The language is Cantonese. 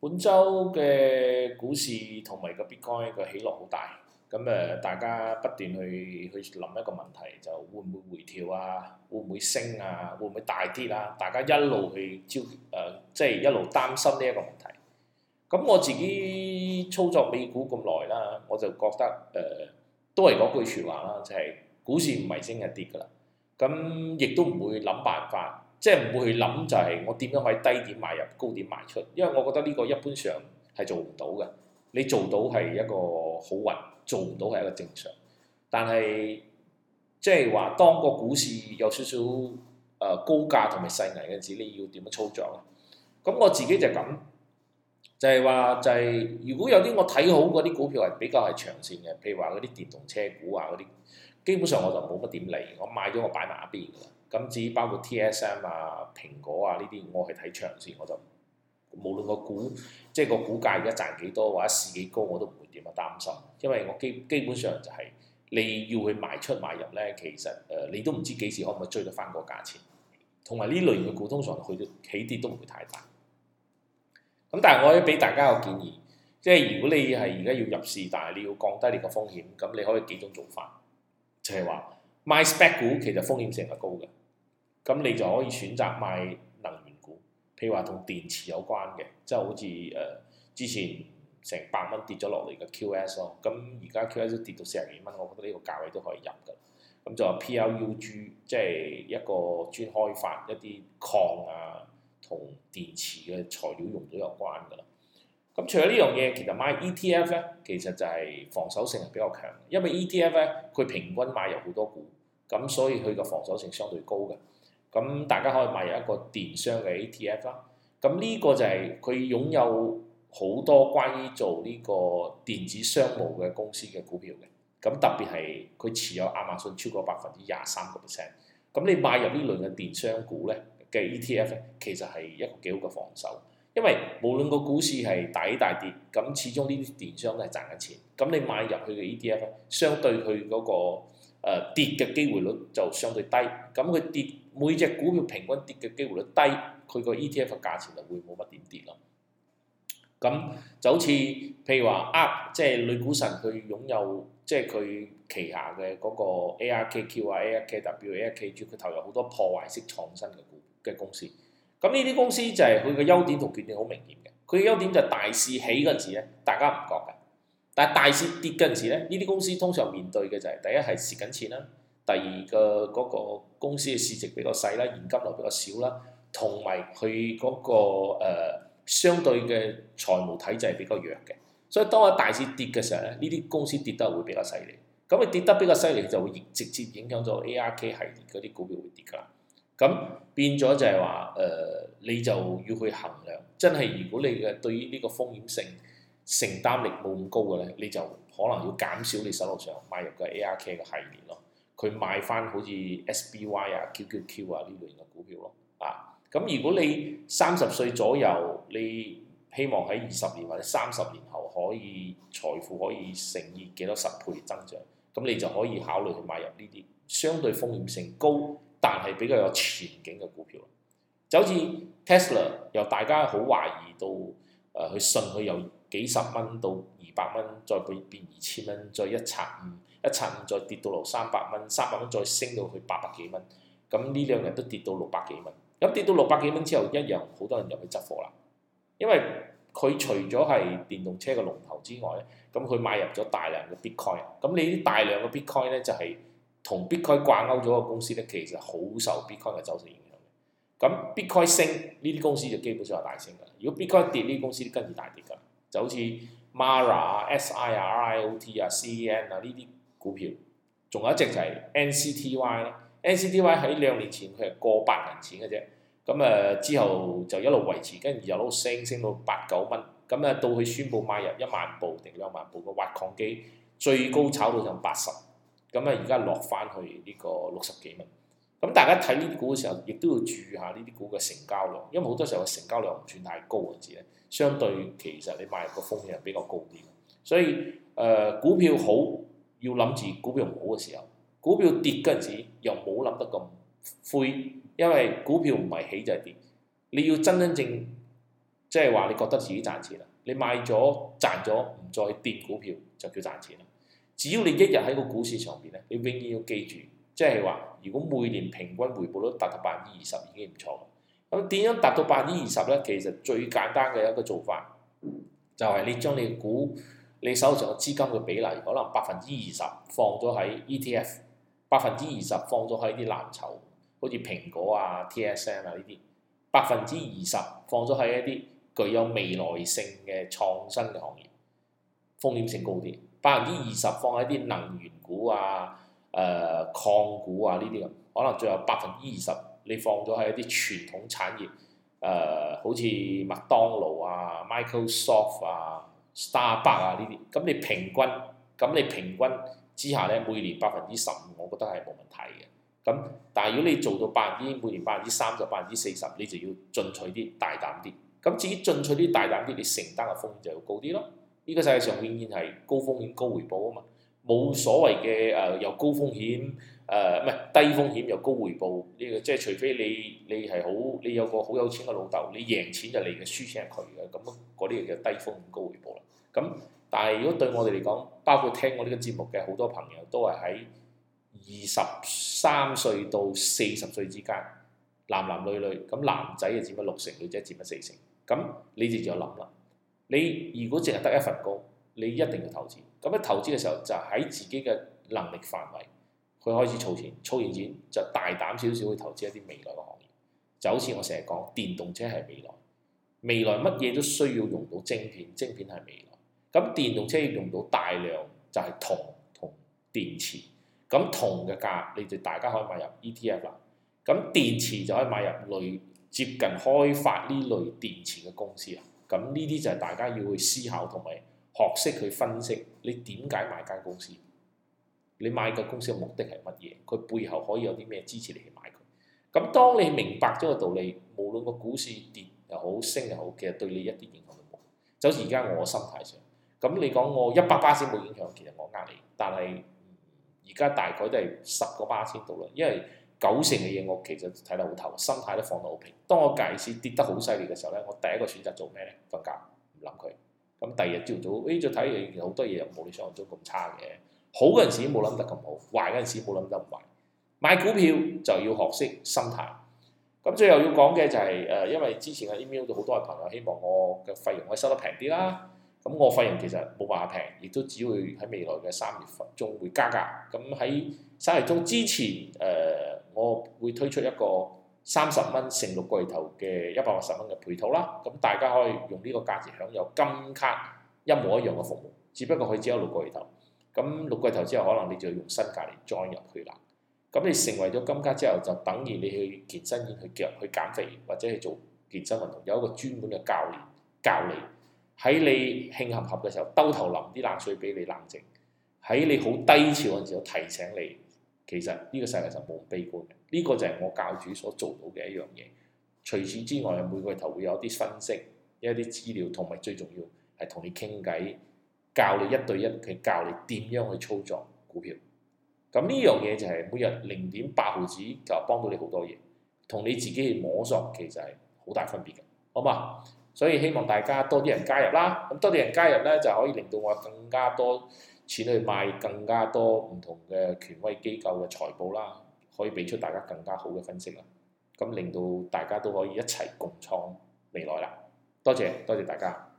本周嘅股市同埋個 Bitcoin 嘅起落好大，咁誒、呃、大家不斷去去諗一個問題，就會唔會回調啊？會唔會升啊？會唔會大跌啊？大家一路去焦誒，即、呃、係、就是、一路擔心呢一個問題。咁我自己操作美股咁耐啦，我就覺得誒、呃，都係嗰句説話啦，就係、是、股市唔係升係跌㗎啦，咁亦都唔會諗辦法。即係唔會去諗，就係我點樣可以低點買入高點賣出，因為我覺得呢個一般上係做唔到嘅。你做到係一個好運，做唔到係一個正常。但係即係話當個股市有少少誒、呃、高價同埋細危嗰陣時，你要點樣操作咧？咁我自己就咁，就係、是、話就係、是、如果有啲我睇好嗰啲股票係比較係長線嘅，譬如話嗰啲電動車股啊嗰啲，基本上我就冇乜點理，我買咗我擺埋一邊。咁至於包括 TSM 啊、蘋果啊呢啲，我係睇長線，我就無論個股即係個股價而家賺幾多或者市幾高，我都唔會點樣擔心，因為我基基本上就係、是、你要去賣出賣入咧，其實誒、呃、你都唔知幾時可唔可以追到翻個價錢，同埋呢類型嘅股通常佢起跌都唔會太大。咁但係我俾大家個建議，即係如果你係而家要入市，但係你要降低你個風險，咁你可以幾種做法，就係話買 Spec 股其實風險性係高嘅。咁你就可以選擇買能源股，譬如話同電池有關嘅，即係好似誒、呃、之前成百蚊跌咗落嚟嘅 QS 咯。咁而家 QS 跌到四十幾蚊，我覺得呢個價位都可以入嘅。咁就話 PLUG，即係一個專開發一啲礦啊同電池嘅材料用到有關嘅。咁除咗呢樣嘢，其實買 ETF 咧，其實就係防守性係比較強，因為 ETF 咧佢平均買入好多股，咁所以佢個防守性相對高嘅。咁大家可以買入一個電商嘅 ETF 啦。咁呢個就係佢擁有好多關於做呢個電子商務嘅公司嘅股票嘅。咁特別係佢持有亞馬遜超過百分之廿三個 percent。咁你買入呢類嘅電商股咧嘅 ETF 咧，其實係一個幾好嘅防守，因為無論個股市係大起大跌，咁始終呢啲電商都係賺緊錢。咁你買入佢嘅 ETF 咧，相對佢嗰、嗰個。誒跌嘅機會率就相對低，咁佢跌每隻股票平均跌嘅機會率低，佢個 E T F 嘅價錢就會冇乜點跌咯。咁就好似譬如話，即係女股神佢擁有，即係佢旗下嘅嗰個 A R K Q 啊、A R K W A R K G，佢投入好多破壞式創新嘅股嘅公司。咁呢啲公司就係佢嘅優點同缺點好明顯嘅。佢嘅優點就係大市起嗰時咧，大家唔覺嘅。但係大市跌嗰陣時咧，呢啲公司通常面對嘅就係、是、第一係蝕緊錢啦，第二個嗰個公司嘅市值比較細啦，現金流比較少啦，同埋佢嗰個、呃、相對嘅財務體制比較弱嘅。所以當喺大市跌嘅時候咧，呢啲公司跌得會比較犀利。咁佢跌得比較犀利，就會直接影響咗 ARK 系列嗰啲股票會跌㗎喇。咁變咗就係話誒，你就要去衡量，真係如果你嘅對於呢個風險性。承擔力冇咁高嘅咧，你就可能要減少你手頭上買入嘅 A R K 嘅系列咯。佢賣翻好似 S B Y 啊、Q Q Q 啊呢類型嘅股票咯。啊，咁如果你三十歲左右，你希望喺二十年或者三十年後可以財富可以乘以幾多十倍增長，咁你就可以考慮去買入呢啲相對風險性高，但係比較有前景嘅股票。就好似 Tesla，由大家好懷疑到誒去、呃、信佢有。幾十蚊到二百蚊，再變變二千蚊，再一拆五一拆五，再跌到落三百蚊，三百蚊再升到去八百幾蚊。咁呢兩日都跌到六百幾蚊，咁跌到六百幾蚊之後，一樣好多人入去執貨啦。因為佢除咗係電動車嘅龍頭之外，咁佢買入咗大量嘅 Bitcoin。咁你啲大量嘅 Bitcoin 咧，就係同 Bitcoin 掛鈎咗嘅公司咧，其實好受 Bitcoin 嘅走勢影響。咁 Bitcoin 升，呢啲公司就基本上係大升噶。如果 Bitcoin 跌，呢啲公司跟住大跌噶。就好似 Mara SIRIOT 啊、CEN 啊呢啲股票，仲有一隻就係 NCTY 啦。NCTY 喺兩年前佢係過百銀錢嘅啫，咁誒之後就一路維持，跟住又一路升，升到八九蚊。咁誒到佢宣布買入一萬部定兩萬部嘅挖礦機，最高炒到成八十，咁誒而家落翻去呢個六十幾蚊。咁大家睇呢啲股嘅時候，亦都要注意下呢啲股嘅成交量，因為好多時候成交量唔算太高嘅字咧。相對其實你買入個風險係比較高啲，所以誒、呃、股票好要諗住股票唔好嘅時，時候，股票跌嗰陣時又冇諗得咁灰，因為股票唔係起就係跌，你要真真正即係話你覺得自己賺錢啦，你賣咗賺咗唔再跌股票就叫賺錢啦。只要你一日喺個股市上邊咧，你永遠要記住，即係話如果每年平均回報率達到百分之二十已經唔錯。咁點樣達到百分之二十呢？其實最簡單嘅一個做法就你你，就係你將你股你手上嘅資金嘅比例，可能百分之二十放咗喺 ETF，百分之二十放咗喺啲藍籌，好似蘋果啊、TSM 啊呢啲，百分之二十放咗喺一啲具有未來性嘅創新嘅行業，風險性高啲。百分之二十放喺啲能源股啊、誒、呃、礦股啊呢啲咁，可能最後百分之二十。你放咗喺一啲傳統產業，誒、呃、好似麥當勞啊、Microsoft 啊、Starbucks 啊呢啲，咁你平均，咁你平均之下咧每年百分之十五，我覺得係冇問題嘅。咁但係如果你做到百分之每年百分之三十、百分之四十，你就要進取啲、大膽啲。咁至於進取啲、大膽啲，你承擔嘅風險就要高啲咯。呢、這個世界上永遠係高風險高回報啊嘛，冇所謂嘅誒有高風險。誒，唔係低風險又高回報呢個。即係除非你你係好，你有個好有錢嘅老豆，你贏錢就你嘅，輸錢係佢嘅，咁嗰啲叫低風險高回報啦。咁但係如果對我哋嚟講，包括聽我呢個節目嘅好多朋友，都係喺二十三歲到四十歲之間，男男女女，咁男仔啊，佔咗六成，女仔佔咗四成。咁你哋就諗啦，你如果淨係得一份工，你一定要投資。咁樣一投資嘅時候就喺自己嘅能力範圍。佢開始儲錢，儲完錢就大膽少少去投資一啲未來嘅行業，就好似我成日講，電動車係未來，未來乜嘢都需要用到晶片，晶片係未來。咁電動車要用到大量就係銅同電池，咁銅嘅價，你哋大家可以買入 ETF 啦。咁電池就可以買入類接近開發呢類電池嘅公司啦。咁呢啲就係大家要去思考同埋學識去分析，你點解買間公司？你買個公司嘅目的係乜嘢？佢背後可以有啲咩支持你去買佢？咁當你明白咗個道理，無論個股市跌又好升又好，其實對你一啲影響都冇。就好似而家我心態上，咁你講我一百巴仙冇影響，其實我呃你。但係而家大概都係十個巴仙到啦，因為九成嘅嘢我其實睇得好透，心態都放到好平。當我屆時跌得好犀利嘅時候咧，我第一個選擇做咩咧？瞓覺，唔諗佢。咁第二日朝早，哎，再睇，好多嘢又冇你想象中咁差嘅。好嗰陣時冇諗得咁好，壞嗰陣時冇諗得咁壞。買股票就要學識心態。咁最後要講嘅就係誒，因為之前嘅 email 都好多嘅朋友希望我嘅費用可以收得平啲啦。咁我費用其實冇辦法平，亦都只會喺未來嘅三月份仲會加價。咁喺三月中之前誒，我會推出一個三十蚊乘六個月頭嘅一百八十蚊嘅配套啦。咁大家可以用呢個價值享有金卡一模一樣嘅服務，只不過佢只有六個月頭。咁六季頭之後，可能你就用新價嚟再入去啦。咁你成為咗金卡之後，就等於你去健身院、去腳、去減肥，或者去做健身運動，有一個專門嘅教練教你喺你興合合嘅時候，兜頭淋啲冷水俾你冷靜；喺你好低潮嘅時候提醒你，其實呢個世界就冇咁悲觀嘅。呢個就係我教主所做到嘅一樣嘢。除此之外，每個月頭會有啲分析，一啲資料，同埋最重要係同你傾偈。教你一對一，佢教你點樣去操作股票。咁呢樣嘢就係每日零點八毫子就幫到你好多嘢，同你自己去摸索其實係好大分別嘅，好嘛？所以希望大家多啲人加入啦。咁多啲人加入呢，就可以令到我更加多錢去買更加多唔同嘅權威機構嘅財報啦，可以俾出大家更加好嘅分析啦。咁令到大家都可以一齊共創未來啦。多謝多謝大家。